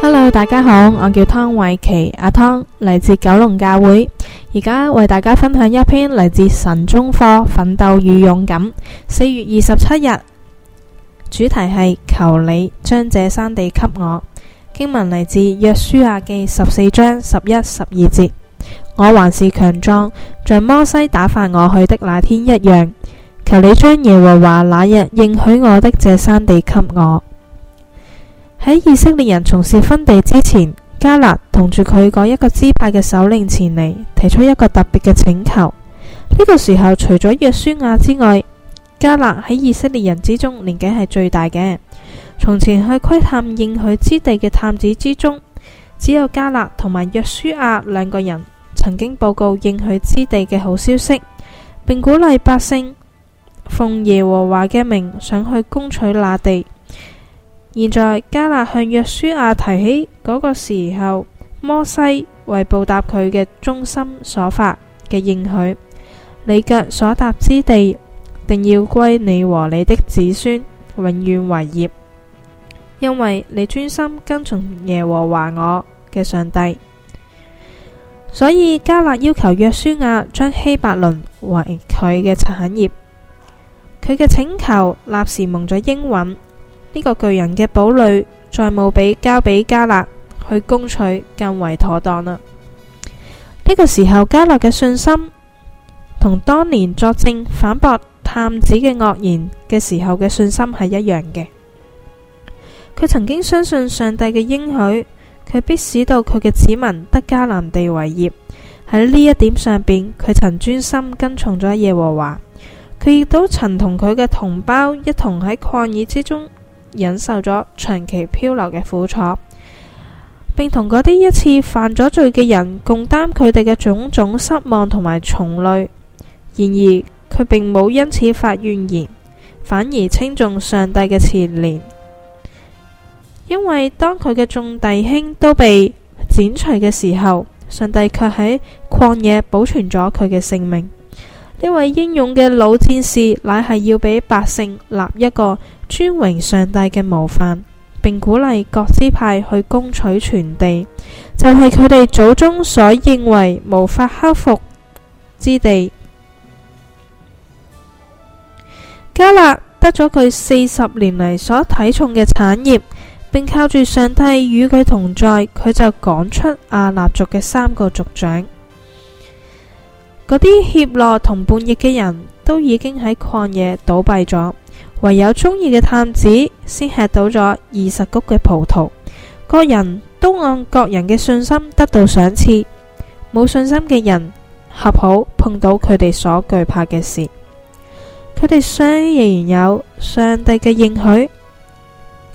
Hello，大家好，我叫湯慧琪，阿湯嚟自九龍教會，而家為大家分享一篇嚟自神中科《奮鬥與勇敢》四月二十七日，主題係求你將這山地給我。經文嚟自約書亞記十四章十一、十二節。我還是強壯，像摩西打發我去的那天一樣，求你將耶和華那日應許我的這山地給我。喺以色列人從事分地之前，迦勒同住佢嗰一個支派嘅首領前嚟，提出一個特別嘅請求。呢、這個時候，除咗約書亞之外，迦勒喺以色列人之中年紀係最大嘅。從前去窺探應許之地嘅探子之中，只有迦勒同埋約書亞兩個人曾經報告應許之地嘅好消息，並鼓勵百姓奉耶和華嘅名想去攻取那地。現在加勒向約書亞提起嗰個時候摩西為報答佢嘅忠心所發嘅應許，你腳所踏之地定要歸你和你的子孫永遠為業，因為你專心跟從耶和華我嘅上帝。所以加勒要求約書亞將希伯倫為佢嘅產業，佢嘅請求立時蒙咗應允。呢個巨人嘅堡壘再冇比交俾加勒，去攻取更為妥當啦。呢、這個時候，加勒嘅信心同當年作證反駁探子嘅惡言嘅時候嘅信心係一樣嘅。佢曾經相信上帝嘅應許，佢必使到佢嘅子民得迦南地為業。喺呢一點上邊，佢曾專心跟從咗耶和華。佢亦都曾同佢嘅同胞一同喺曠野之中。忍受咗長期漂流嘅苦楚，並同嗰啲一次犯咗罪嘅人共擔佢哋嘅種種失望同埋重累。然而，佢並冇因此發怨言，反而稱頌上帝嘅慈憐。因為當佢嘅眾弟兄都被剪除嘅時候，上帝卻喺曠野保存咗佢嘅性命。呢位英勇嘅老戰士，乃係要俾百姓立一個尊榮上帝嘅模範，並鼓勵各支派去攻取全地，就係佢哋祖宗所認為無法克服之地。迦勒得咗佢四十年嚟所睇重嘅產業，並靠住上帝與佢同在，佢就趕出亞衲族嘅三個族長。嗰啲怯懦同叛逆嘅人都已經喺曠野倒斃咗，唯有中意嘅探子先吃到咗二十谷嘅葡萄。各人都按各人嘅信心得到賞賜，冇信心嘅人恰好碰到佢哋所懼怕嘅事。佢哋雖仍然有上帝嘅應許，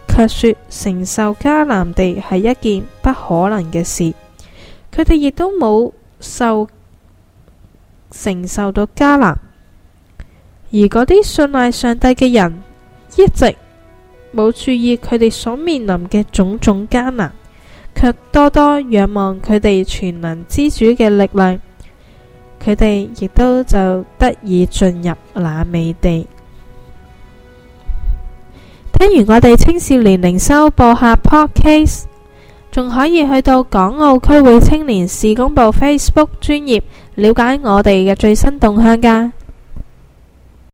卻說承受迦南地係一件不可能嘅事。佢哋亦都冇受。承受到艱難，而嗰啲信賴上帝嘅人，一直冇注意佢哋所面臨嘅種種艱難，卻多多仰望佢哋全能之主嘅力量。佢哋亦都就得以進入那美地。聽完我哋青少年靈修播客 podcast，仲可以去到港澳區會青年事工部 Facebook 專頁。了解我哋嘅最新動向㗎！